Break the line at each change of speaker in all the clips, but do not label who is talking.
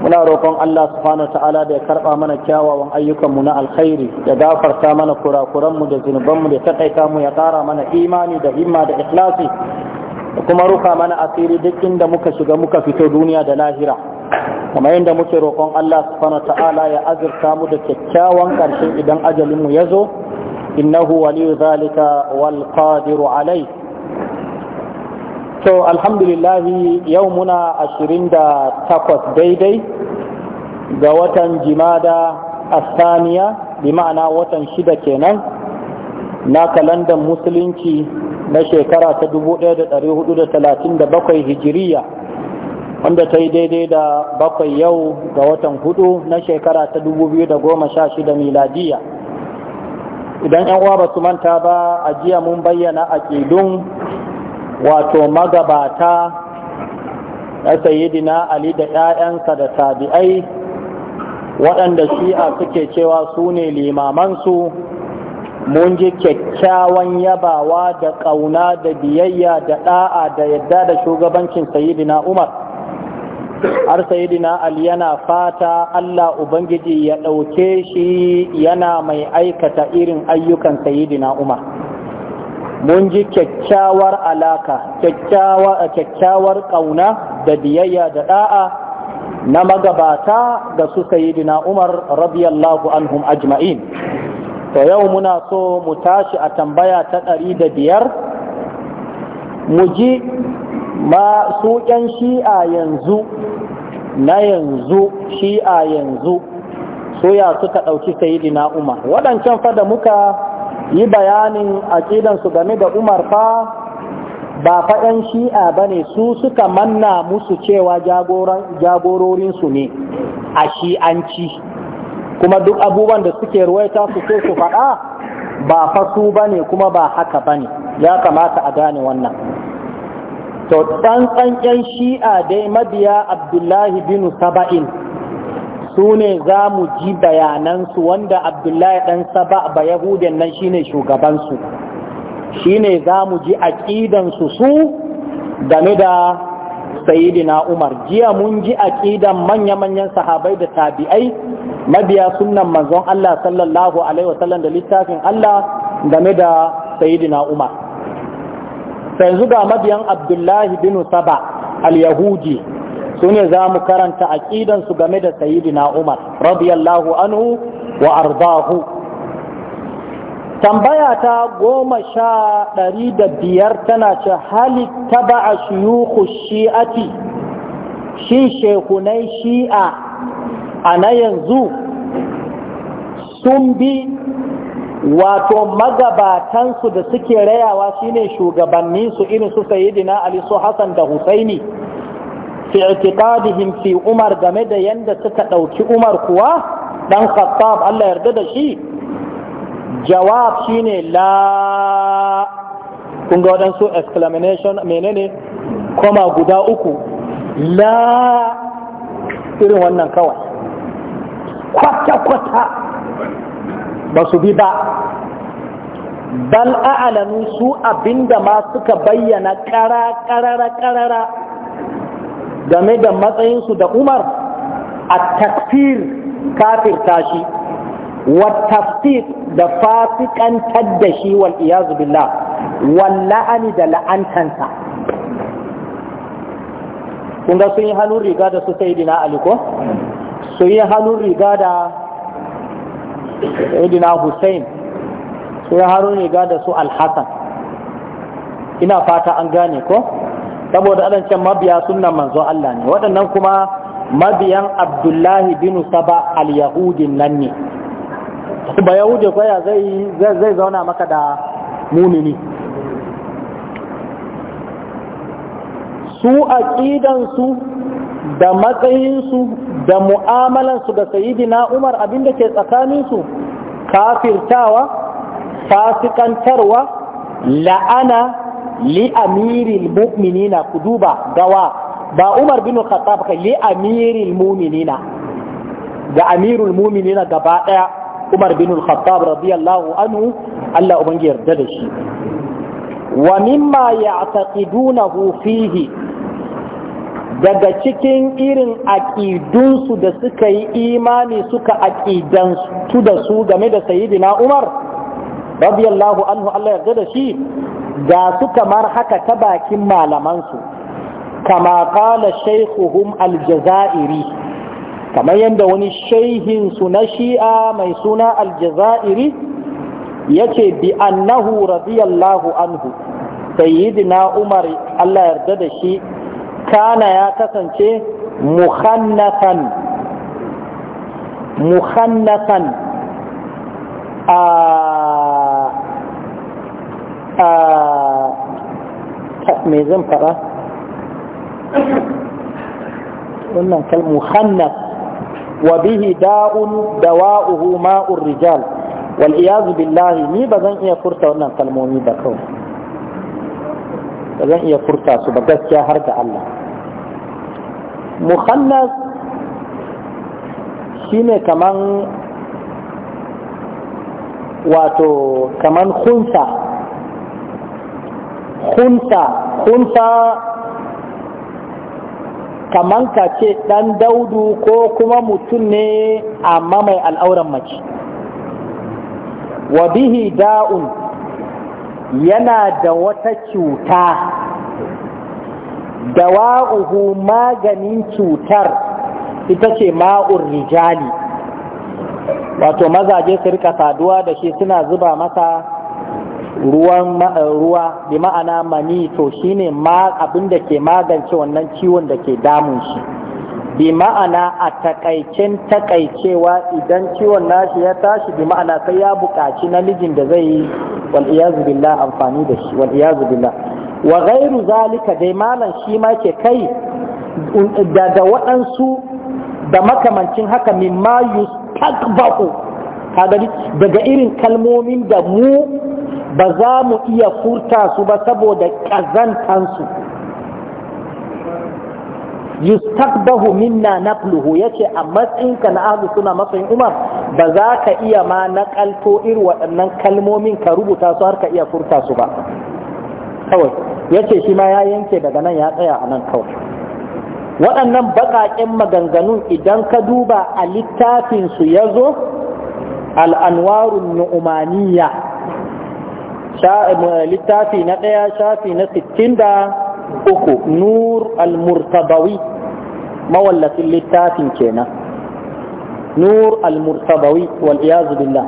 muna roƙon Allah subhanahu wa ta'ala da ya karɓa mana kyawawan ayyukanmu na alkhairi ya gafarta mana kurakuranmu da zunubanmu da takaita mu ya ƙara mana imani da himma da ikhlasi da kuma ruka mana asiri duk inda muka shiga muka fito duniya da lahira kamar yadda muke roƙon Allah subhanahu wa ta'ala ya azurta mu da kyakkyawan ƙarshe idan ajalinmu ya zo innahu waliyu zalika wal qadiru alayh to alhamdulillah yau muna ashirin takwas daidai ga watan jimada asaniya bi ma'ana watan shida kenan na kalandar musulunci na shekara ta 1437 hijiriya wanda ta yi daidai da bakwai yau ga watan hudu na shekara ta 2016 miladiya idan 'yan uwa ba su manta ba a jiya mun bayyana aƙidun wato magabata na sayidina ali da 'ya'yansa da tabi'ai waɗanda shi'a suke cewa su ne limamansu mun ji kyakkyawan yabawa da ƙauna da biyayya da ɗa'a da yadda da shugabancin sayidina umar har sayidina ali yana fata allah ubangiji ya ɗauke shi yana mai aikata irin ayyukan sayidina umar mun ji kyakkyawar alaka eh, kyakkyawar ƙauna da biyayya da ɗa'a na magabata ga su sayidina umar radiyallahu anhum ajma'in to yau muna so mu tashi a tambaya ta ɗari da biyar mu ji ma su ƴan shi'a yanzu na yanzu shi'a yanzu soya suka ɗauki sayidina umar waɗancan fa da muka yi bayanin aƙidansu game da umar fa ba faɗan shi'a ba ne su suka manna musu cewa jagororinsu ne a shi'anci kuma duk abubuwan da suke ruwaita su ce su faɗa ba fasu ba ne kuma ba haka ba ne ya kamata a gane wannan to ɗan 'yan shi'a dai mabiya abdullahi binu saba'in su ne za mu ji bayanansu wanda abdullahi ɗan saba ba yahudiyan nan shi shine shugabansu ne za mu ji aƙidansu su game da sayidina umar jiya mun ji aƙidan manya-manyan sahabai da tabi'ai mabiya sunan manzon Allah sallallahu alaihi wasallam da littafin Allah game da sayidina umar yanzu ga mabiyan abdullahi bin saba al-yahudi su ne za mu karanta aƙidansu game da sayidina umar radiyallahu anhu wa ardahu tambaya ta goma sha ɗari da biyar tana ce ta ba a shiyuku shi'ati shi shekunai shi'a a na yanzu sun bi wato magabatansu da suke rayawa shine shugabanninsu irin su sayidina ali su hassan da husaini fi i'tiqadihim fi umar game da yanda suka ɗauki umar kuwa dan khattab Allah yarda da shi jawab shine la kun ga waɗansu exclamation menene koma guda uku la irin wannan kawai kwata-kwata ba su bi ba bal a'alanu su abinda ma suka bayyana ƙara-ƙarara-ƙarara game da matsayinsu da umar a takfir kafir tashi, wa tafsir da fasikantar da shi wal iyazu billah wal la'ani da la'antansa kun ga sun yi hannun riga da su sai ali ko sun yi hannun riga da dina hussein sun yi hannun riga da su alhassan ina fata an gane ko saboda can mabiya sunna manzon Allah ne waɗannan kuma mabiyan abdullahi bin saba al-yahudin nan ne ba yahudi ya zai zauna maka da munini su su da matsayin su da mu'amalan su da sayyidina umar abinda ke tsakanin su kafirtawa fasikantarwa la'ana li amiril mu'minina ku duba gawa ba Umar bin Khattab kai li amiril mu'minina ga amirul mu'minina gaba daya Umar bin Khattab radiyallahu anhu Allah ubangi yarda da shi wa mimma ya'taqidunahu fihi daga cikin irin aƙidunsu da suka yi imani suka aƙidansu da su game da sayidina Umar radiyallahu anhu Allah yarda da shi ga su kamar haka ta bakin malamansu kama kala shaikuhum aljazairi kamar yadda wani shaihinsu na shi'a mai suna aljazairi ya ce bi annahu radiyallahu anhu sayyidina umar allah yarda da shi kana ya kasance muhannasan muhannasan a me zan fara wannan kal muhannas wa bihi da'un dawa'uhu ma'ur rijal wal iyazu billahi ni ba zan iya furta wannan kalmomi ba kawai ba zan iya furta su ba gaskiya har da Allah muhannas shine kaman wato kaman khunsa hunta hunta kaman ka ce ɗan daudu ko kuma mutum ne amma mai al'auran mace wa bihi da'un yana da wata cuta dawa'uhu maganin cutar ita ce ma'ur rijali wato mazaje su rika saduwa da shi suna zuba masa ruwan eh, ruwa bi ma'ana mani to shine ma abin da ke magance wannan ciwon da ke damun shi bi ma'ana a takaicen takaicewa idan ciwon nashi ya tashi bi ma'ana sai ya buƙaci namijin da zai yi wal iyazu billah amfani da shi wal iyazu billah wa ghairu zalika dai malam shi ma ke kai da da waɗansu da makamancin haka min mimma yustakbahu kaga daga irin kalmomin da mu ba za mu iya furta su ba saboda ƙazantansu yustakbahu minna nafluhu yace a matsayinka na ahlu suna matsayin umar ba za ka iya ma na kalto irin waɗannan kalmomin ka rubuta su har ka iya furta su ba kawai yace shi ma ya yanke daga nan ya tsaya a nan kawai waɗannan baƙaƙen maganganun idan ka duba a littafinsu ya zo al'anwarun nu'umaniya Eh, littafi na ɗaya shafi na sittin da uku nur al-murtabawi mawallafin littafin kenan nur al-murtabawi wal billah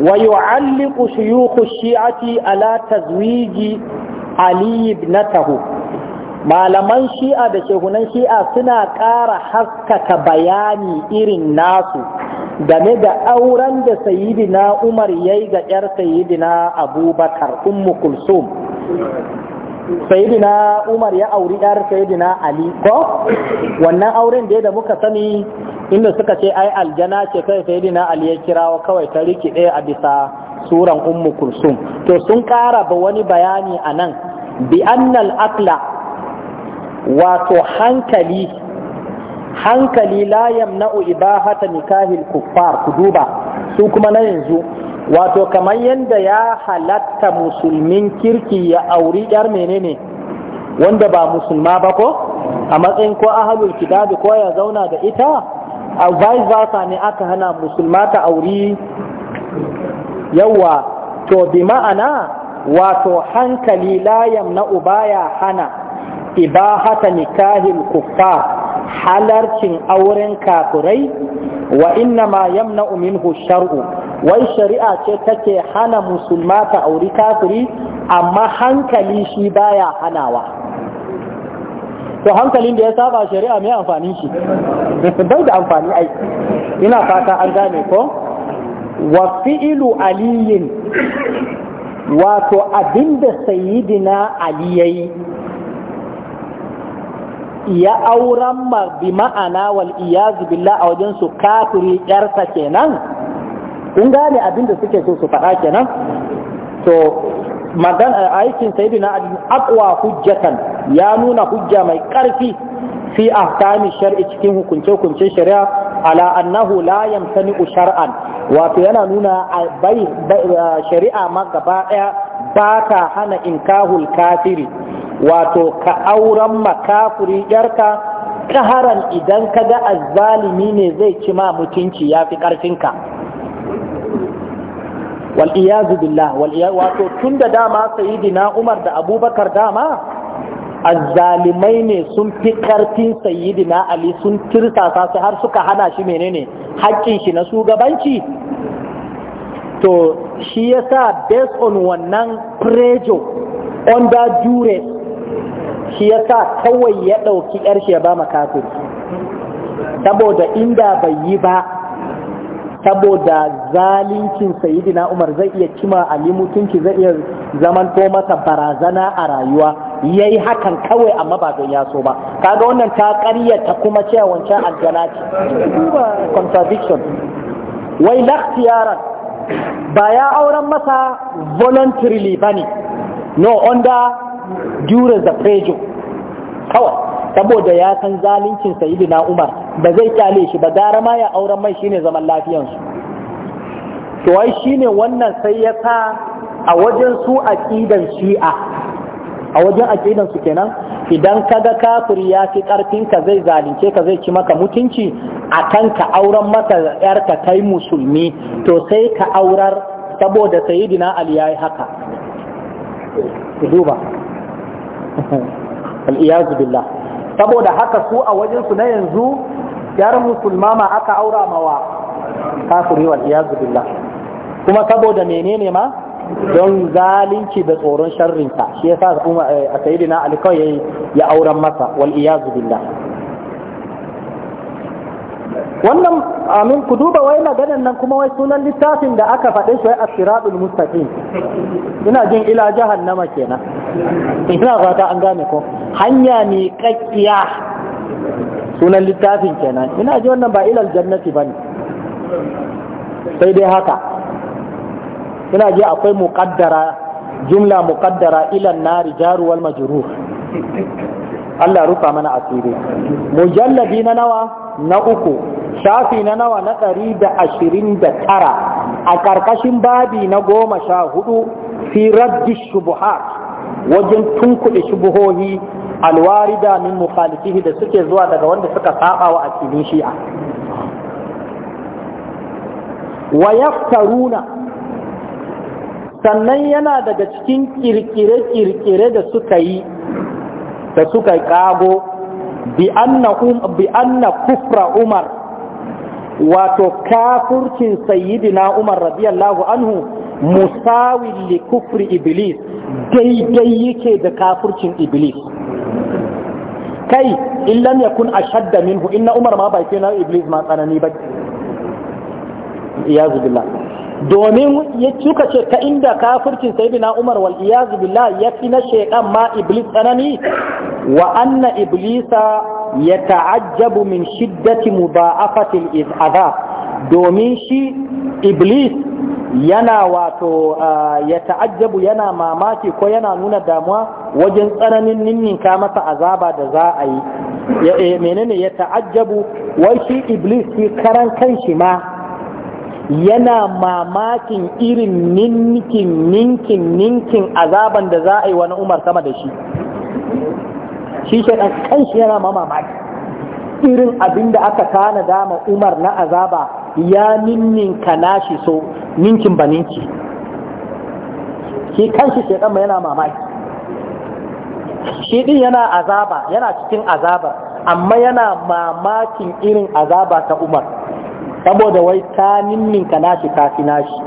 wa yu'alliqu shuyukh shi'ati ala tazwiji ali ibnatahu malaman shi'a da shehunan shi'a suna ƙara haskaka bayani irin nasu game da auren da sayidina umar ya yi ga 'yar sayidina abubakar ummu kulsum sayidina umar ya auri 'yar sayidina ali ko wannan auren da muka sani inda suka ce ai aljana ce kai sayidina ali ya kirawa kawai ta rikide a bisa suran ummu kulsum to sun ƙara ba wani bayani a nan bi annal akla wato hankali hankali la yamna'u ibahata nikahil kuffar ku duba su kuma na yanzu wato kamar yadda ya halatta musulmin kirki ya auri yar menene wanda ba musulma ba ko a matsayin ko ahalul kitabi ko ya zauna da ita a vice versa ne aka hana musulma ta auri yawa to bi ma'ana wato hankali la yamna'u baya hana ibahata nikahil kuffar halarcin auren kafirai wa inna ma yamna minhu shar'u wai shari'a ce take hana musulma ta auri kafiri amma hankali shi baya hanawa to hankalin da ya saba shari'a mai amfani shi bai da amfani ai ina fata an gane ko wa fi'ilu aliyin wato abinda sayyidina ali yayi ya auren ma bi ma'ana wal iyazu billah a wajen su kafiri yarsa kenan kun gane abin da suke so su faɗa kenan to magan aikin na ali aqwa hujjatan ya nuna hujja mai ƙarfi? fi ahkami shar'i cikin hukunce-hukuncen shari'a ala annahu la yamsani shar'an wato yana nuna bai shari'a ma gaba daya ba ta hana inkahul kafiri wato ka auren makafuri yarka kaharan idan ka ga azzalimi ne zai ci ma mutunci ya fi ƙarfinka wal'iyazu billah wato tun da dama sayidina umar da abubakar dama azzalimai ne sun fi ƙarfin sayidina ali sun tirsasa su har suka hana shi menene haƙƙin shi na shugabanci to shi yasa based on wannan prejo under duress shi sa kawai ya ɗauki ‘yar shi ya ba makafiri saboda inda bai yi ba saboda zalincin sayidina umar zai iya cima ali mutunci zai iya zaman to masa barazana a rayuwa ya yi hakan kawai amma ba don yaso ba kaga wannan ta karyata kuma cewa wancan aljana ce contradiction wai lakhtiyaran ba ya auren masa voluntarily ba ne no under jure fejo kawai saboda ya san zalincin sayidina umar ba zai kyale shi ba gara ma ya auren mai shine zaman lafiyansu to ai shine wannan sai ya sa a wajen su aqidan shi'a a wajen aqidan su kenan idan kaga kafiri ya fi karfin ka zai zalunce ka zai ci maka mutunci a kan ka auren yar yarka kai musulmi to sai ka aurar saboda sayidina ali yayi haka duba al'iyazu biLla saboda haka su a wajensu na yanzu yar musulma ma aka aura mawa kafiri wal iyazu biLla. kuma saboda menene ma don zalunci da tsoron sharrinta shi ya yasa a eh, sayi ali kawai ya auren masa wal’iyazu biLla. wannan amin ku duba wai maganan nan kuma wai sunan littafin da aka faɗe shi wai as-siratul mustaqim ina jin ila jahannama kenan ina fata an gane ko hanya ne kakkiya sunan littafin kenan ina ji wannan ba ilal jannati bane sai dai haka ina ji akwai muqaddara jumla muqaddara ilan nari jaru wal majruh Allah rufa mana asiri mujalladi na nawa na uku shafi na nawa na ɗari da ashirin da tara a ƙarƙashin babi na goma sha hudu fi rabbi shubuhat wajen tunkuɗe shubuhohi alwarida min mukhalifihi da suke zuwa daga wanda suka saba wa akidin shi'a wa yaftaruna sannan yana daga cikin kirkire-kirkire da suka yi da suka kago Um, bi anna kufra umar wato kafurcin sayyidina umar radiyallahu anhu musawin li kufri iblis daidai yake da kafurcin iblis kai in lam kun ashadda minhu inna umar ma bai na iblis ma tsanani ba domin ya suka ce ta inda kafircin sayyidina Umar wal iyazu billah ya fi na shaytan ma iblis tsanani wa anna iblisa ya ta'ajjabu min shiddati mudha'afati al-azab domin shi iblis yana wato ya ta'ajjabu yana mamaki ko yana nuna damuwa wajen tsananin ninninka masa azaba da za a yi eh, menene ya ta'ajjabu wai shi iblis shi karan kanshi ma yana mamakin irin ninkin ninkin ninkin azaban da za a yi wani umar sama da shi shi kan kanshi yana ma mamaki irin abin da aka kana dama umar na azaba ya ninninka nashi so ninkin ba ninki shi kanshi shaidan ma yana mamaki shi din yana azaba yana cikin azaba amma yana mamakin irin azaba ta umar saboda wai ta ninninka nashi kafi nashi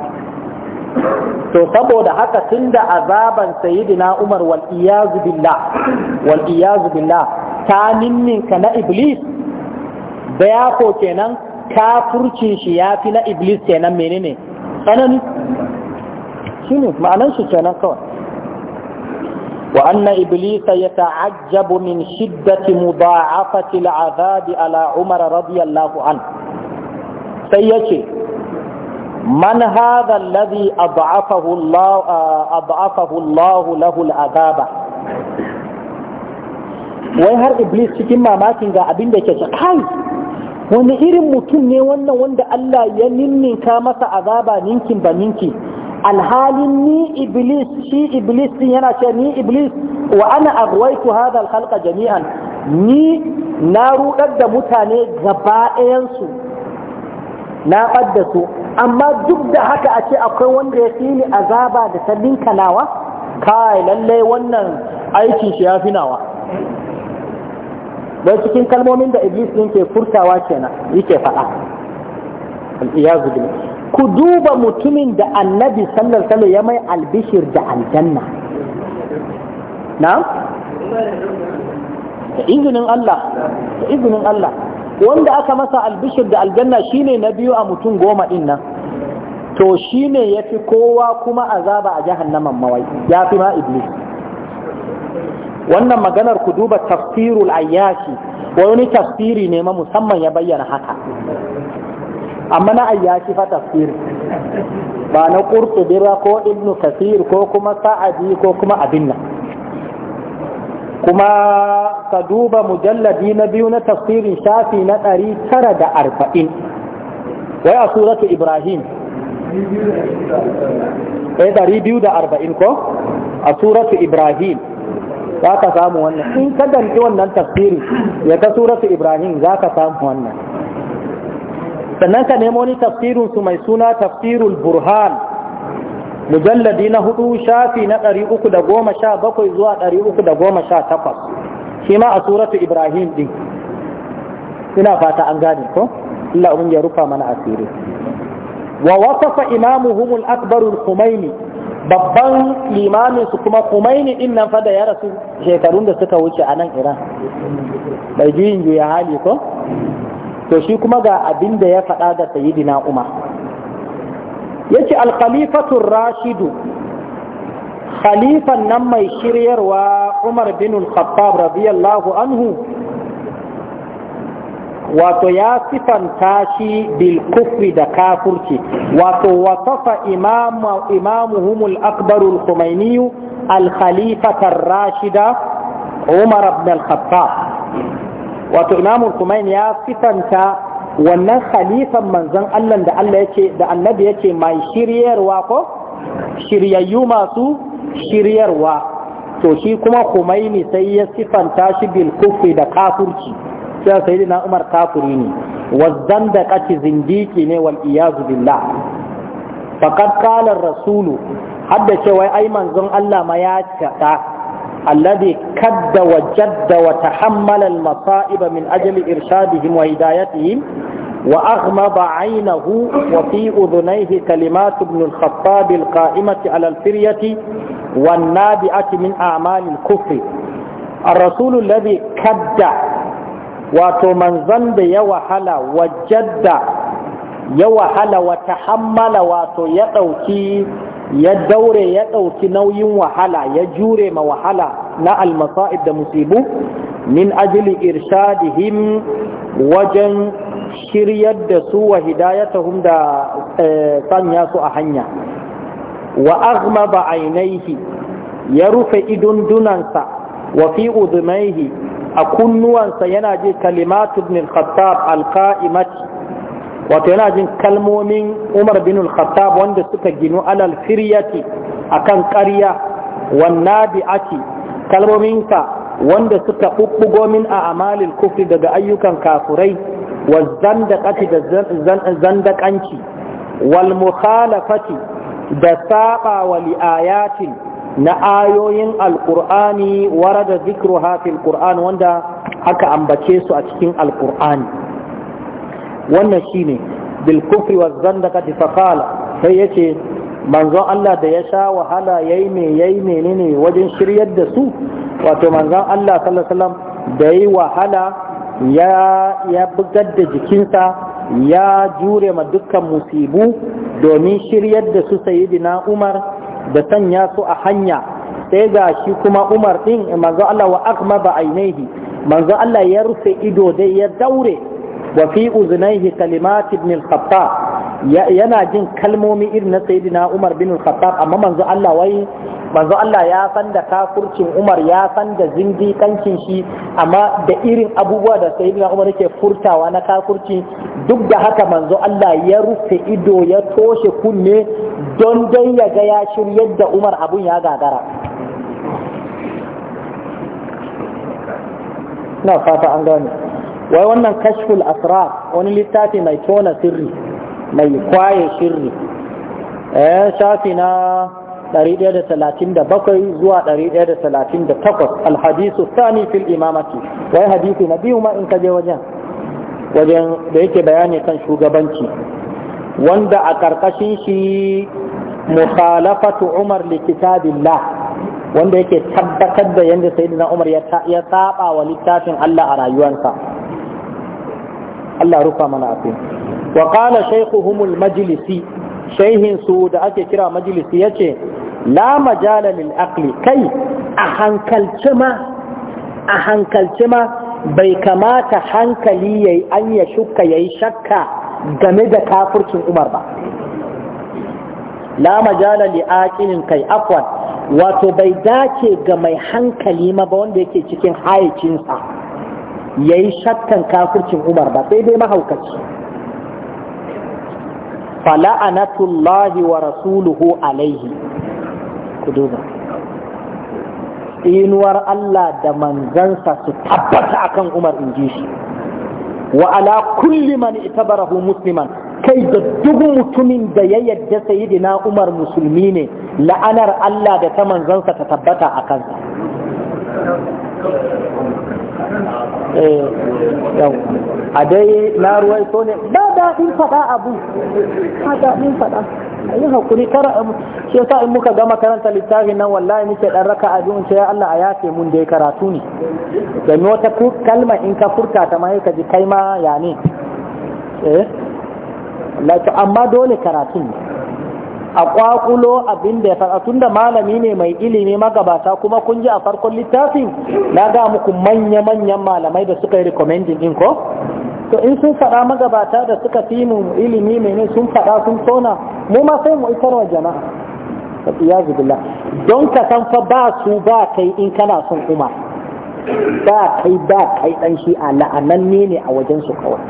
to saboda haka tun da azaban sayyidina Umar wal iyazu billah wal iyazu billah ta ninninka na iblis da ya ko kenan kafurcin shi ya fi na iblis kenan menene tsanani shine ma'anar shi kenan kawai wa anna iblisa yata'ajjabu min shiddati mudha'afati al'azabi ala Umar radiyallahu anhu sai ya ce man haɗa wai har iblis cikin mamakin ga abin da yake kai wani irin mutum ne wannan wanda Allah ya ninninka masa azaba ninkin ba ninki alhalin ni iblis shi iblis din yana ce ni iblis wa ana aghwaitu hadha jami'an ni na rudar da mutane gaba ɗayansu na ɓadda su amma duk da haka a ce akwai wanda ya fi ni azaba da sabbin kanawa kai lallai wannan aikin shi ya fi nawa don cikin kalmomin da iblis din ke furtawa kenan yake faɗa al'iyazu billah ku duba mutumin da annabi sallar alaihi ya mai albishir da aljanna na da izinin Allah da izinin Allah wanda aka masa albishir da aljanna shine na biyu a mutum goma din nan to shine yafi kowa kuma azaba a jahannaman mawai ya fi ma iblis wannan maganar ku duba tafsirul ayyashi wani tafsiri ne ma musamman ya bayyana haka amma na ayyashi fa tafsiri ba na qurtubi ko ibnu kasir ko kuma sa'adi ko kuma abin nan kuma ka duba mujalladi na biyu na tafsirin shafi na ɗari tara da arba'in wai a suratu ibrahim ɗaya eh, ɗari biyu da arba'in ko a suratu ibrahim za ka samu wannan in ka danki wannan tafsirin ya ka suratu ibrahim za ka samu wannan sannan ka nemo ni tafsirinsu mai suna tafsirul burhan mujalladi na hudu shafi na ɗari uku da goma sha bakwai zuwa ɗari uku da goma sha takwas shi ma a suratu ibrahim ɗin ina fata an gane ko Allah umin ya rufa mana asiri wa wasafa imamuhum al-akbar al-Khumaini babban limamin su kuma Khumaini din nan fa da ya rasu shekarun da suka wuce a nan Iran bai yin juya hali ko to shi kuma ga abin da ya faɗa da sayyidina Umar yace al-khalifatur rashidu khalifan nan mai shiryarwa Umar bin al-Khattab radiyallahu anhu wato ya sifanta shi bil kufri da kafurci wato wasafa imamuhum al-akbar al-Khumaini al-khalifata ar-rashida Umar bin al-Khattab wato Imam al-Khumaini ya sifanta wannan khalifan manzon Allah da Allah yake da annabi yake mai shiryarwa ko shiryayyu masu shiryarwa to shi kuma Khumaini sai ya sifanta shi bil kufri da kafirci sai sayyidina Umar kafiri ne Wanzan da kaci zindiki ne wal iyazu billah faqad qala ar-rasulu hadda cewa ai manzon Allah ma ya ta الذي كد وجد وتحمل المصائب من أجل إرشادهم وهدايتهم وأغمض عينه وفي أذنيه كلمات ابن الخطاب القائمة على الفرية والنابئة من أعمال الكفر الرسول الذي كد ذنب يوحل وجد يوحل وتحمل وتيقوكي ya daure ya ɗauki nauyin wahala ya jure ma wahala na almasa'ib da musibu min ajili irshadihim wajen shiryar da su wa hidayatahum da eh, sanya su a hanya wa aghlaba ainihi ya rufe idon dunansa wa fi a kunnuwansa yana ji kalimatu ibn khattab al wato yana jin kalmomin umar bin al-khattab wanda suka ginu alal firyati akan ƙarya wanna bi'ati kalmominka wanda suka bubbugo min a amalil kufri daga ayyukan kafurai wa zandaqati da zandakanci wal mukhalafati da saba wa li'ayatin na ayoyin alqur'ani warada zikruha fil qur'an wanda aka ambace su a cikin alqur'ani wannan shine bil kufri wa zanda kati qala sai yace manzon Allah da ya sha wahala yayi me yayi ne wajen shiryar da su wato manzon Allah sallallahu alaihi wasallam da yayi wahala ya ya bugar da jikinsa ya jure ma dukkan musibu domin shiryar da su sayyidina Umar da sanya su a hanya sai ga shi kuma Umar din manzo Allah wa akma ba ainihi manzon Allah ya rufe ido dai ya daure wa fi Kalimati kalimat ibn al-khattab yana jin kalmomi irin na sayyidina Umar bin al-Khattab amma manzo Allah wai manzo Allah ya san da kafurcin Umar ya san da zindiƙancin shi amma da irin abubuwa da sayyidina Umar yake furtawa na kafurci duk da haka manzo Allah ya rufe ido ya toshe kunne don dai ya ga ya shiryar Umar abun ya gagara na fata an wai wannan kashful asrar wani littafi mai tona sirri mai kwaye sirri eh, shafi na 137 zuwa 138 alhadisu sani fil imamati wai hadisi na biyu ma in ka je wajen wajen da yake bayani kan shugabanci wanda a karkashin shi mukhalafatu umar li kitabillah wanda yake tabbatar da yanda sayyidina umar ya saba wa littafin Allah a rayuwarsa Allah rufa mana afi wa qala majlisi shayhin su da ake kira majlisi yace la majala lil aqli kai a hankalce ma a hankalce ma bai kamata hankali yayi an ya shukka yayi shakka game da kafircin Umar ba la majala li aqilin kai afwan wato bai dace ga mai hankali ma ba wanda yake cikin hayacinsa ya yi shakkan kafircin umar ba sai dai mahaukaci fala'anatullahi wa rasuluhu alaihi ku inuwar Allah da manzansa su tabbata akan umar in ji shi wa ala kulli man itabarahu musliman kai da duk mutumin da ya yadda sayyidina umar musulmi ne la'anar Allah da ta manzansa ta tabbata a kansa Eh, a dai na ruwai so ne ba daɗin faɗa abu ba daɗin faɗa a yi haƙuri kara shi yasa in muka gama karanta littafin nan wallahi muke ɗan raka a duniya ya Allah a yafe mun dai karatu ne domin wata kalma in ka furta ta ma ka ji kai ma ya ne eh amma dole karatun ne a kwakulo abin da ya faɗa da malami ne mai ilimi magabata kuma kun ji a farkon littafin na ga muku manya-manyan malamai da suka yi recommending din ko to in sun faɗa magabata da suka fi mu ilimi mai ne sun faɗa sun tona mu ma sai mu isar wa jama'a don ka san fa ba su ba kai in kana son kuma. ba kai ba kai dan shi la'ananne ne a wajen su kawai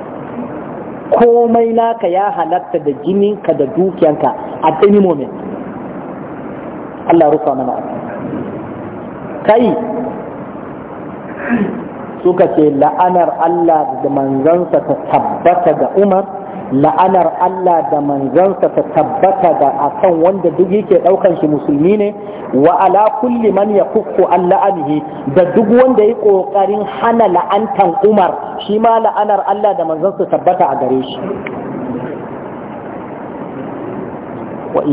komai naka ya halatta da jininka da dukiyanka a any moment Allah rufa mana a kai suka ce la'anar Allah da manzansa ta tabbata ga Umar la'anar Allah da manzansa ta tabbata ga akan wanda duk yake ɗaukan shi musulmi ne wa ala kulli man yakuffu an la'anihi da duk wanda ya ƙoƙarin hana la'antan Umar shi ma la'anar Allah da manzansa tabbata a gare shi wa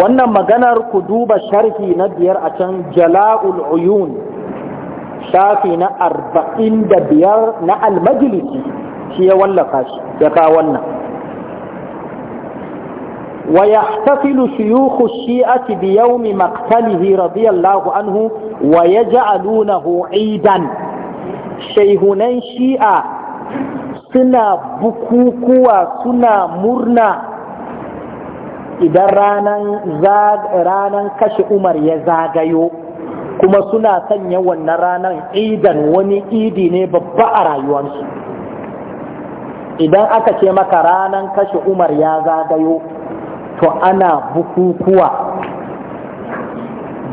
wannan maganar ku duba sharhi na biyar a can jala'ul uyun shafi na arba'in da biyar na almajiliki shi ya wallafa shi ya kawo wannan wa ya tafilu shuyuhu shi'ati bi yawmi maqtalihi radiyallahu anhu wa yaj'aluna idan shayhunan shi'a suna bukukuwa suna murna idan ranan kashe umar ya zagayo kuma suna sanya wannan ranan idan wani idi ne babba a rayuwarsu idan aka ce maka ranan kashe umar ya zagayo to ana bukukuwa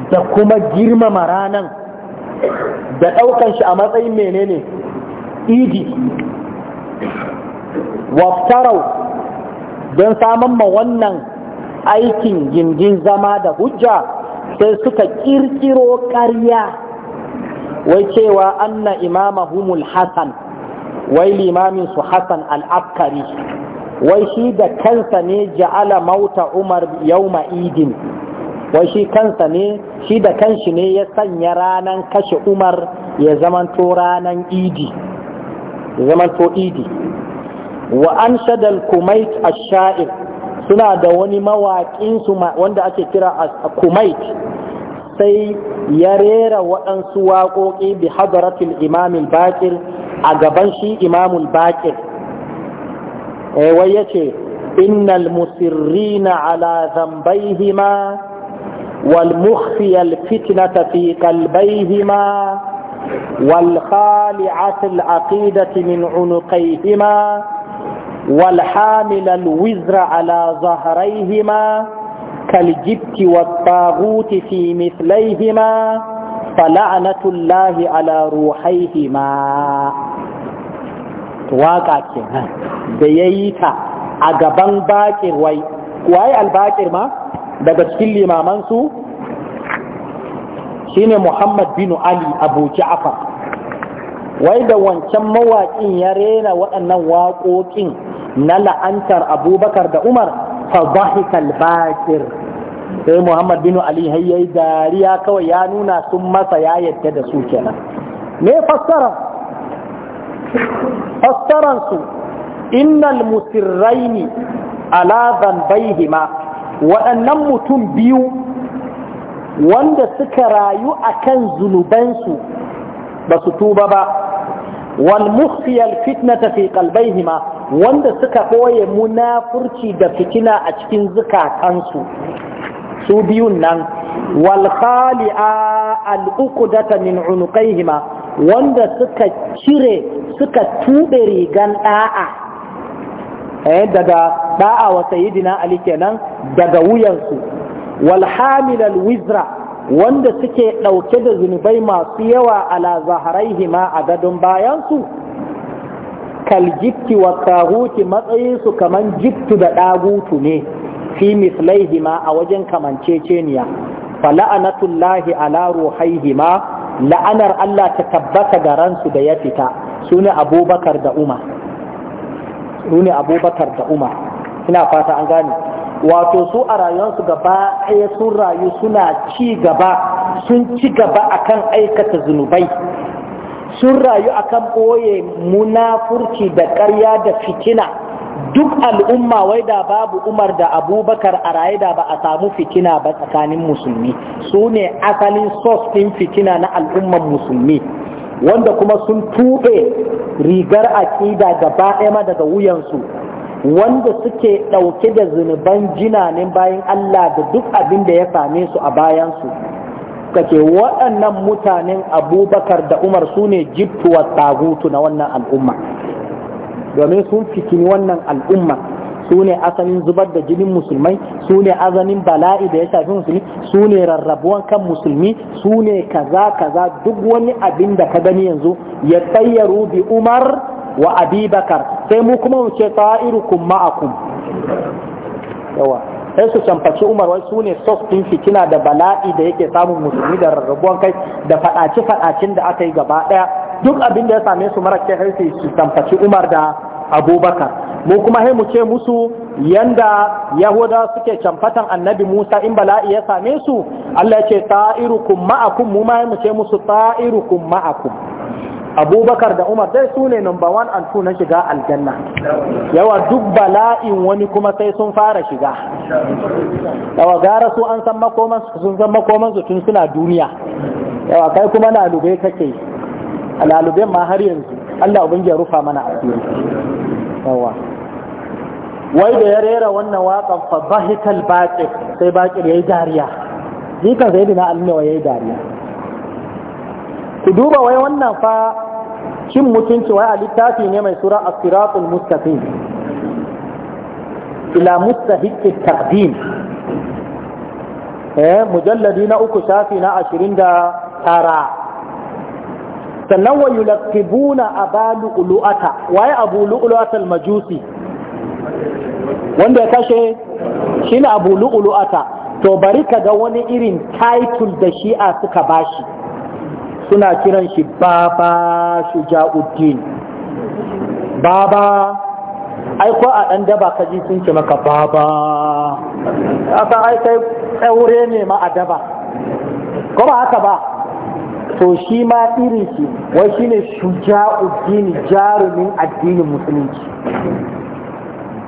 da kuma girmama ranan da ɗaukan shi a matsayin menene idi
waftarau
don samun ma wannan aikin gingin zama da hujja sai suka kirkiro ƙarya wai cewa anna Imama Humul Hassan, wai limamin su hasan al'abkari wai shi da kansa ne ja'ala mauta umar yauma idin wai shi kansa ne shi da kanshi ne ya sanya ranan kashe umar ya zamanto ranan idi ya zamanto idi wa an shadal kumait ash-sha'ir suna da wani mawaƙin wanda ake kira kumait sai ya rera waɗansu waƙoƙi bi hadaratil imamul baƙir a gaban shi imamul baƙir eh, wai ya ce innal musirrina ala zambaihima wal mukhfiyal fitnata fi qalbaihima wal khali'atil aqidati min unuqaihima والحامل الوزر على ظهريهما كالجبت والطاغوت في مثليهما فلعنة الله على روحيهما واقع كنا بييتا أقبان باكر وي واي الباكر ما بدأت كل ما منسو shine Muhammad bin Ali Abu Ja'far wai da wancan mawaƙin ya rera waɗannan waƙoƙin na la'antar abubakar da umar fa dhahikal bakir sai muhammad bin ali yi dariya kawai ya nuna sun masa ya yadda da su kenan me fassara fassaran su innal musirraini ala dhanbaihima waɗannan mutum biyu wanda suka rayu akan zunubansu ba su tuba ba wal mukhfiyal fitnata fi qalbaihima wanda suka ɓoye munafurci da fitina a cikin zukatansu su biyun nan wal a al min unuqayhima wanda suka cire suka tuɓe rigan ɗa'a. Eh, daga da'a wa sayyidina ali nan, daga wuyansu Walhamilal wizra wanda suke ɗauke da zunubai masu yawa ala zaharaihima a gadon bayansu kaljitti wa kahuti matsayinsu kamar jittu da ɗagutu ne fi mislaihima a wajen kamanceceniya fala'anatullahi ala ruhaihima la'anar Allah ta tabbata ga ransu da ya fita sune abubakar da umar sune abubakar da umar ina fata an gane wato su a rayuwarsu gaba ɗaya sun rayu suna ci gaba sun ci gaba akan aikata zunubai sun rayu akan ɓoye munafurci da ƙarya da fitina duk al'umma wai da babu umar da abubakar a raye da ba a samu fitina ba tsakanin musulmi su ne asalin sos fitina na al'umman musulmi wanda kuma sun tuɓe rigar aƙida gaba ɗaya daga wuyansu wanda suke ɗauke da zunuban jinanin bayan Allah da duk abin da ya same su a bayansu suka waɗannan mutanen abubakar da umar su ne jibtuwa tagutu na wannan al'umma domin sun fitini wannan al'umma su ne asalin zubar da jinin musulmai su ne azanin bala'i da ya shafi musulmi su ne rarrabuwan kan musulmi su ne kaza kaza duk wani abin da ka gani yanzu ya tsayyaru bi umar wa Abibakar sai mu kuma mu ce ta'irukum ma'akum yawa sai su canfaci umar wai su ne sos ɗin fitina da bala'i da yake samun musulmi da rarrabuwan kai da faɗaci faɗacin da aka yi gaba ɗaya duk abin da ya same su mara kai su canfaci umar da abubakar mu kuma sai mu ce musu yanda yahuda suke canfatan annabi musa in bala'i ya same su allah ya ce ta'irukum ma'akum mu ma mu ce musu ta'irukum ma'akum abubakar da umar dai su ne number one and two na shiga aljanna yawa duk bala'in wani kuma sai sun fara shiga yawa gara su an san makoman sun san makoman su tun suna duniya yawa kai kuma lalube kake lalube ma har yanzu Allah abin ya rufa mana asiri yawa wai da ya rera wannan waƙan fa bahikal baqir sai ya yi dariya jikan dina alnawa ne yi dariya ku duba wai wannan fa Shin mutunci wai a littafi ne mai sura asiratul mustaqim ila mustahiqqi taqdim eh mujalladi na uku shafi na ashirin da tara sannan wa yulaqibuna abalu ulu'ata waye abu lu'lu'atal majusi wanda ya kashe shine abu lu'lu'ata to bari ka ga wani irin title da shi'a suka bashi suna kiran shi baba shuja'uddin baba aiko a ɗan daba ka ji sun ce maka baba asan ai kai tsaure ne ma a daba ko ba haka ba to shi ma irin shi wai shi ne shuja'uddin jarumin addinin musulunci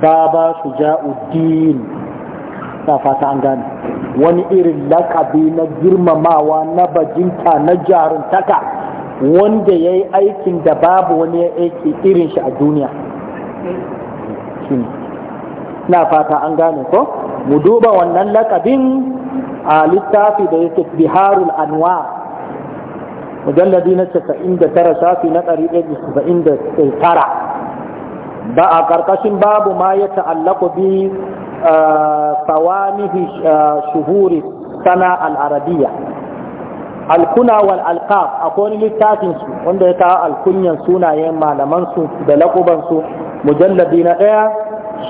baba shuja'uddin na fata an gane wani irin lakabi na girmamawa na bajinta na jaruntaka wanda ya yi aikin da babu wani ya aiki irin shi a duniya na fata an gane ko mu duba wannan lakabin a littafi da yake biharul anwa mujalladi na 99 shafi na 199 ba a ƙarƙashin babu ma ya ta'allaku bi صوامه شهور السنة العربية الكنى والألقاب أقول للتاتين wanda ya kawo alkunyan sunayen malamansu da laƙubansu mujalladi na ɗaya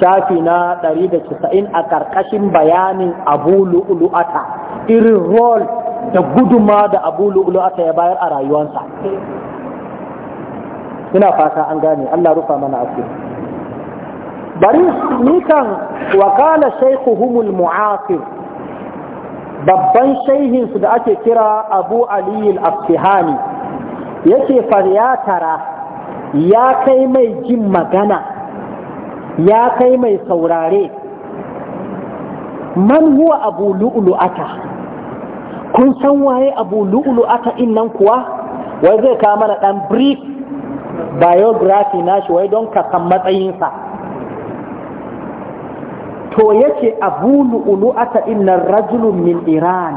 shafi na ɗari da casa'in, a ƙarƙashin bayanin abu lu'ulu'ata irin rol da guduma da abu lu'ulu'ata ya bayar a rayuwansa ina fata an gane Allah rufa mana asiri bari kan wakala humul mu'aqib babban shaihinsu da ake kira abu aliyu al-abtihani yake faryatara ya kai mai jin magana ya kai mai saurare man huwa abu ata. kun san waye abu lu'u in nan kuwa wai zai kama mana dan brief biography nashi wai don kakan matsayinsa to yake abu lu'lu'ata innan rajulun min iran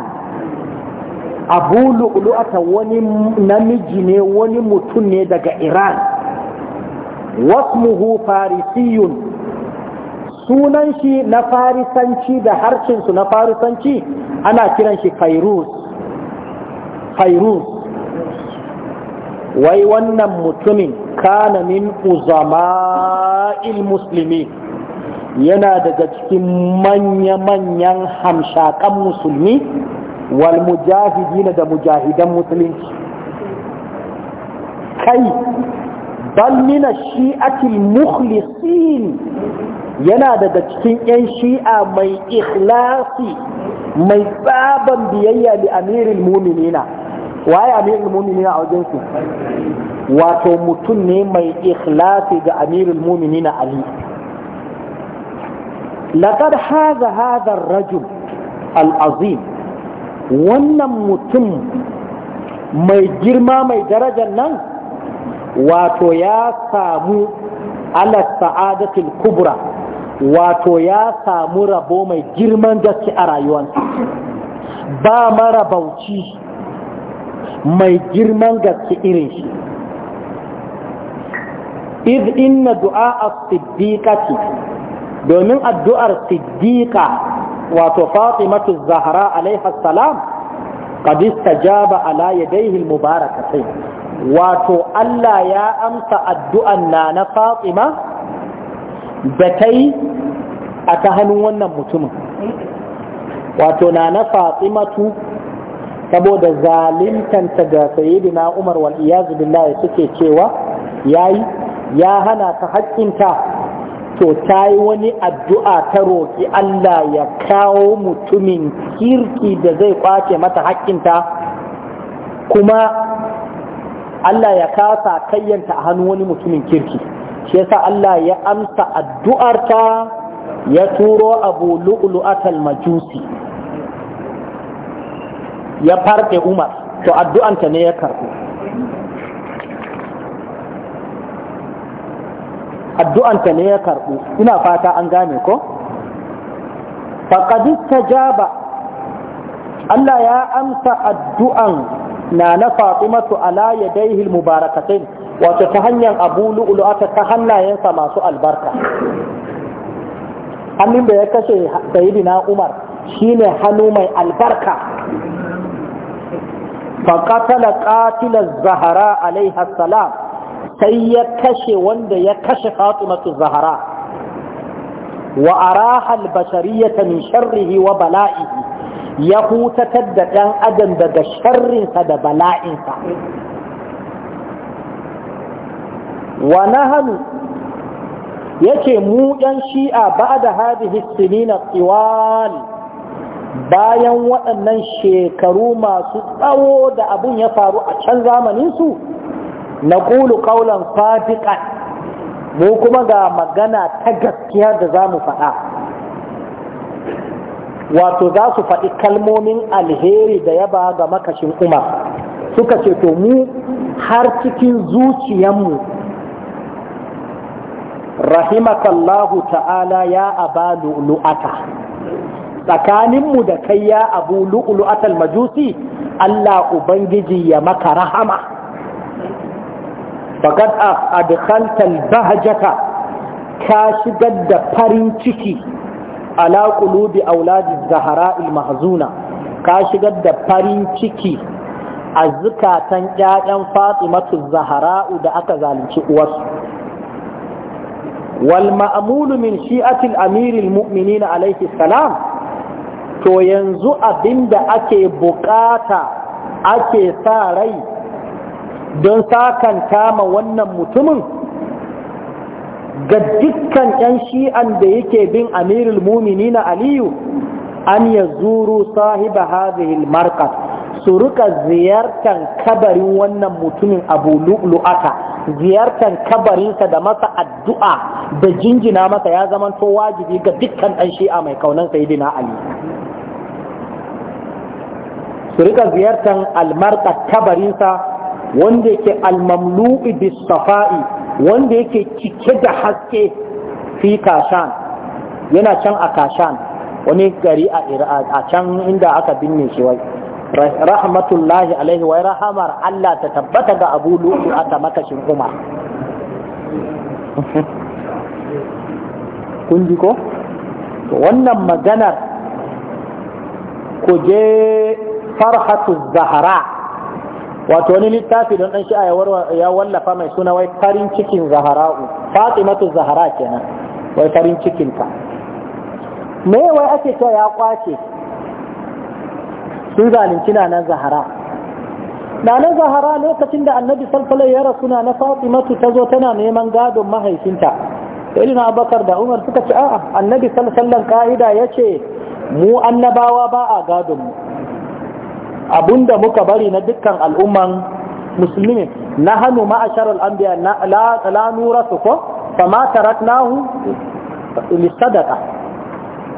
abu ulu'ata wani namiji ne wani mutum ne daga iran wasmuhu farisiyun sunan shi na farisanci da harshensu na farisanci ana kiran shi fairuz fairuz wai wannan mutumin kana min uzama'il musulmi yana daga cikin manya-manyan hamshakan musulmi wal mujahidina da mujahidan musulunci kai bal mina shi'atil mukhlisin yana daga cikin 'yan shi'a mai ikhlasi mai tsaban biyayya li amirin muminina waye amirin muminina a wajensu wato mutum ne mai ikhlasi ga amirin muminina ali laqad haza hadha ar-rajul wannan mutum mai girma mai darajar nan wato ya samu ala sa'adatul kubra wato ya samu rabo mai girman gaske a rayuwarsa ba mara bauci mai girman gaske irin shi iz inna du'a as-siddiqati domin addu'ar siddiqa wato fatimatu zahra alaiha salam qad istajaba ala mubarakatai wato Allah ya amsa addu'an na na fatima da ta yi a ta hannun wannan mutumin wato na na fatimatu saboda zalintanta ga sayyidina umar wal iyazu billahi suke cewa yayi ya hana ta haƙƙinta to ta yi wani addu'a ta roƙi Allah ya kawo mutumin kirki da zai kwace mata haƙƙinta kuma Allah ya kasa kayyanta a hannun wani mutumin kirki shi yasa Allah ya amsa addu'arta ya turo abu lu'lu'atal majusi ya farke umar to addu'anta ne ya karɓo addu'anta ne ya karɓu ina fata an gane ko ja ba Allah ya amsa addu'an na na Fatimatu ala yadayhi mubarakatain wato ta hanyar Abu Lu'lu'ata ta hannayensa masu albarka hannun da ya kashe sayyidina Umar shine hannu mai albarka faqatala qatila az-zahra alaiha salam sai ya kashe wanda ya kashe fatimatu zahara wa araha albashariyata min sharrihi wa bala'ihi ya hutatar da ɗan adam daga sharrinsa da bala'insa wa nahanu yake mu ɗan shi'a ba da hadihi sinina tsiwal bayan waɗannan shekaru masu tsawo da abun ya faru a can zamaninsu naqulu qawlan sadiqan mu kuma ga magana ta gaskiya da za mu faɗa wato za su faɗi kalmomin alheri da yaba ga makashin umar suka ce to mu har cikin zuciyanmu rahimakallahu ta'ala ya aba lu'lu'ata tsakaninmu da kai ya abu lu'lu'atal majusi Allah Ubangiji ya maka rahama faqad adkhalta al-bahjata ka shigar da farin ciki ala qulubi auladi zahara al-mahzuna ka shigar da farin ciki a zukatan ƴaƴan Fatimatu Zahra'u da aka zalunci uwarsu wal ma'mulu min shi'atil amiril mu'minin alaihi salam to yanzu abinda ake bukata ake sa rai don sakan kama wannan mutumin ga dukkan 'yan shi'an da yake bin amirul mumini na aliyu an ya zuru sahiba hazihil markas su rika ziyartar kabarin wannan mutumin abu lu'lu'aka ziyartar kabarinsa da masa addu'a da jinjina masa ya zamanto wajibi ga dukkan ɗan shi'a mai kaunan sayidina ali su rika ziyartar almarka kabarinsa wanda yake almamlu'i bis wanda yake cike da haske fi kashan yana can a kashan wani gari a can inda aka binne shi wai rahmatullahi alaihi wai rahamar Allah ta tabbata ga abu lu'u a tamakashin umar kun ji ko wannan maganar ku je farhatu zahara wato wani littafi don dan shi'a ya wallafa mai suna wai farin cikin zahara'u fatimatu zahara kenan wai farin cikin ka. me wai ake cewa ya kwace sun zalunci na nan zahara na nan zahara lokacin da annabi sallallahu ya rasu na na fatimatu Tazo tana neman gadon mahaifinta irin abakar da umar suka ce a'a annabi sallallahu ka'ida ya ce mu annabawa ba a gadon mu abunda muka bari na dukkan al'umman musulmi na hannu ma'ashar al'ambiya la nura su ko fama taratnahu lissadaka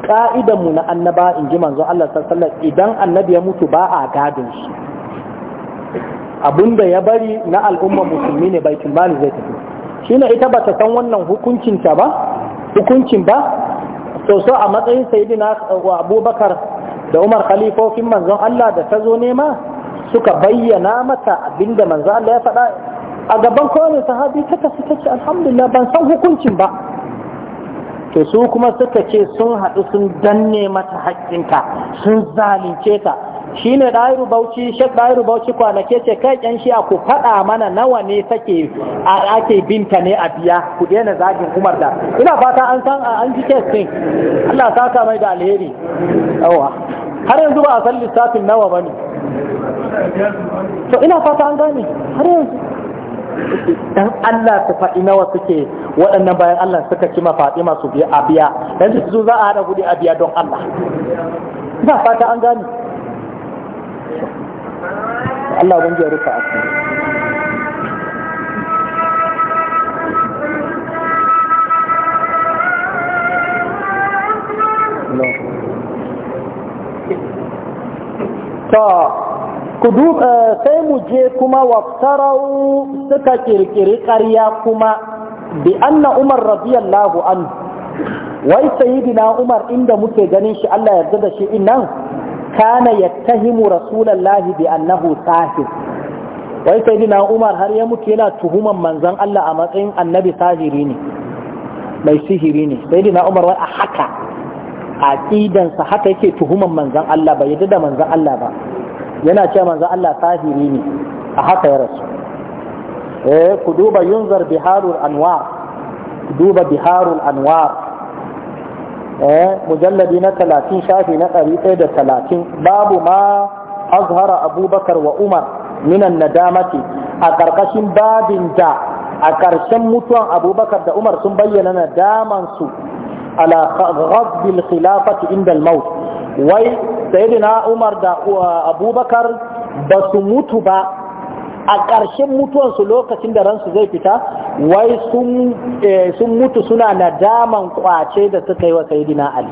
ka'idanmu na annaba in ji manzo Allah sallallahu idan annabi ya mutu ba a gadin shi abunda ya bari na al'umman musulmi ne baitul mali zai tafi shine ita ba ta san wannan hukuncin ta ba hukuncin ba so so a matsayin sayyidina abubakar da Umar khalifofin manzon Allah da ta zo nema suka bayyana mata abinda manzon Allah ya faɗa a gaban kowane sahabi ta tafi ta ce alhamdulillah ban san hukuncin ba to su kuma suka ce sun haɗu sun danne mata haƙƙinta sun zalunce ta shi ne ɗayiru bauchi shek ɗayiru bauchi kwanake ce kai ƴan shi a ku faɗa mana nawa ne take ake binta ne a biya ku daina zagin umar da ina fata an san an ji kes ɗin allah saka mai da alheri yawa har yanzu ba a san lissafin nawa ba ne to ina fata an gane har yanzu dan Allah su faɗi nawa suke waɗannan bayan Allah suka ci mafaɗima su biya a biya yanzu su za a haɗa kuɗi a biya don Allah ina fata an gane Allah ban rufa eh, sai mu je kuma waftarau suka kirkiri ƙarya kuma bi anna umar radiyallahu anhu wai sayidina umar inda muke ganin shi Allah yarda da shi innan kana yattahimu rasulallahi bi annahu sahir wai sai na umar har ya mutu yana tuhuman manzan Allah a matsayin annabi sahiri mai sihiri ne sai na umar wai a haka aqidansa haka yake tuhuman manzan Allah ba manzan Allah ba yana cewa manzan Allah sahiri ne a haka ya rasu eh ku duba yunzar biharul anwar duba biharul anwar Eh, mujalladi na talatin shafi na ɗari ɗaya da talatin babu ma azhara abubakar wa umar minan nadamati a ƙarƙashin babin da a ƙarshen mutuwan abubakar da umar sun bayyana nadamansu ala ghazbil khilafati inda al-maut wai saidina umar da uh, abubakar ba su mutu ba a ƙarshen mutuwansu lokacin da ransu zai fita wai sun eh, mutu suna nadaman kwace da suka yi wa sayidina ali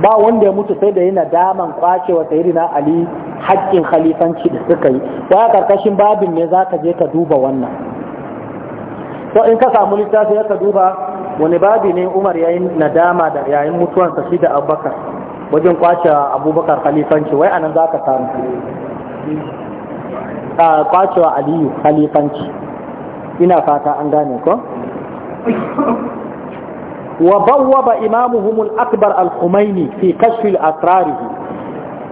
ba wanda ya mutu sai da yi nadaman kwace wa sayidina ali haƙƙin khalifanci da suka yi Wa ya ƙarƙashin babin ne za ka je ka duba wannan so in ka samu littafi ya ka duba wani babi ne umar yayin nadama da yayin mutuwansa shi da abubakar wajen kwace abubakar khalifanci wai anan za ka samu wa aliyu khalifanci ina fata an gane ko wa bawwaba imamuhum akbar al-Khumaini fi kashfil al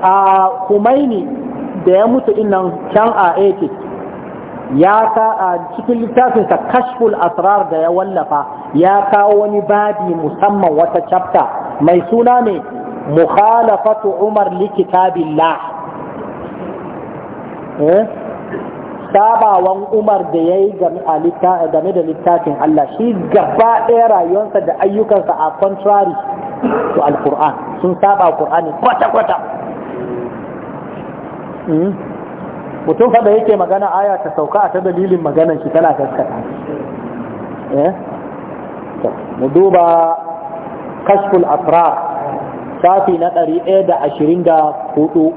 a da ya mutu dinnan can a 80 ya ka a cikin littafin sa kashf asrar da ya wallafa ya kawo wani babi musamman wata chapter mai suna ne mukhalafatu Umar li kitabillah eh sabawan umar da ya yi game da littafin Allah shi gaba ɗaya rayuwarsa da ayyukansa a contrary to alkur'an sun saba kur'ani kwata-kwata hmm? mutum fa da yake magana aya ta sauka a ta dalilin shi tana gaskata eh? mu duba kashful asrar safi na ɗari ɗaya da da hudu.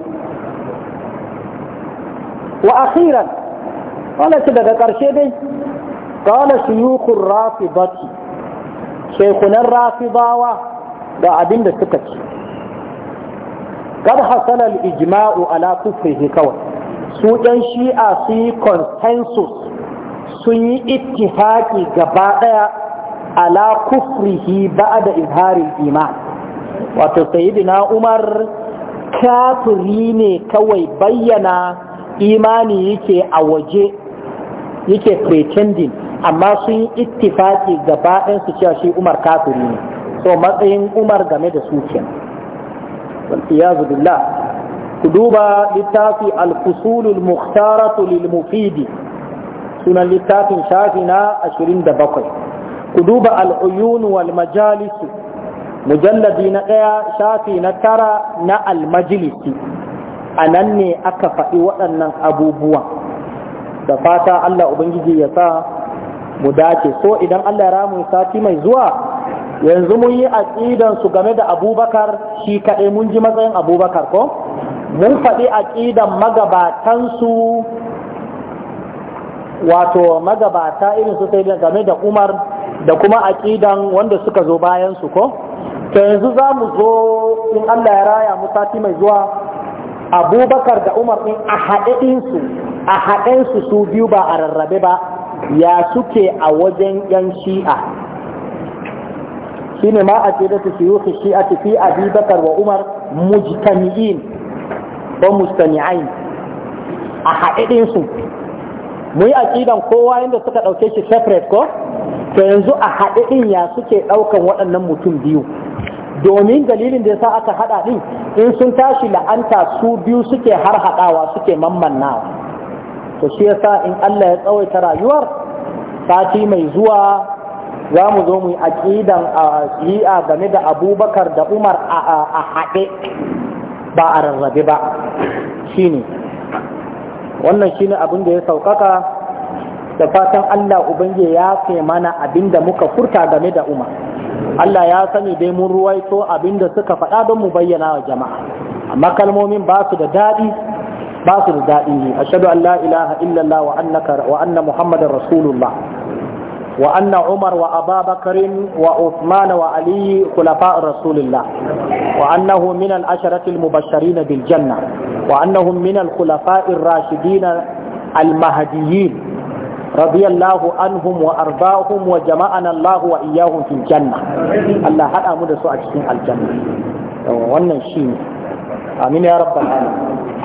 wa akhiran wala daga ƙarshe dai kala su yi rafi bati shekunan rafi bawa da abin da suka ci kad hasalar ijma'u ala kufrihi kawai su ɗan shi'a su yi consensus sun yi ittifaki gaba ɗaya ala kufrihi ba da izharin iman wato na umar kafiri ne kawai bayyana imani yake a waje yake pretending amma sun yi ittifaki gaba ɗayan su cewa shi umar kafiri ne so matsayin umar game da su ke iyazu billah ku duba littafi al'usulul muktaratu mukhtaratu lil mufidi sunan littafin shafi na 27 ku duba al wal mujalladi na ɗaya shafi na tara na al a nan ne aka faɗi waɗannan abubuwan da fata Allah ubangiji ya sa mu dace so idan Allah ya ramu sati mai zuwa yanzu mun yi aqidan su game da Abubakar shi kaɗai mun ji matsayin Abubakar ko mun faɗi aqidan magabatan su wato magabata irin su sai game da Umar da kuma aqidan wanda suka zo bayan su ko to yanzu za mu zo in Allah ya raya mu sati mai zuwa Abubakar da Umar din a haɗe su a haɗensu su biyu ba a rarrabe ba ya suke a wajen yan shi'a ne ma a ce da su shi su shi'a a abi bakar wa umar mujtami'in ba mujtami'ain a haɗin mu yi aƙidan kowa yadda suka ɗauke shi separate ko to yanzu a haɗin ya suke ɗaukan waɗannan mutum biyu domin dalilin da ya sa aka haɗa ɗin in sun tashi la'anta su biyu suke har haɗawa suke mammannawa to shi yasa in Allah ya tsawaita rayuwar sati mai zuwa za mu zo mu yi aqidan a game da Abubakar da Umar a haɗe ba a rarrabe ba shine wannan shine abin da ya saukaka da fatan Allah ubange ya fi mana abin da muka furta game da Umar Allah ya sani dai mun ruwaito abin da suka faɗa don mu bayyana wa jama'a amma kalmomin ba su da daɗi ba su da daɗin yi ashhadu an la ilaha umar wa ababakarin wa wa ali khulafa rasulillah wa annahu bil janna رضي الله عنهم وأرضاهم وجمعنا الله وإياهم في الجنة الله هل أمد سوء الجنة ya rabbal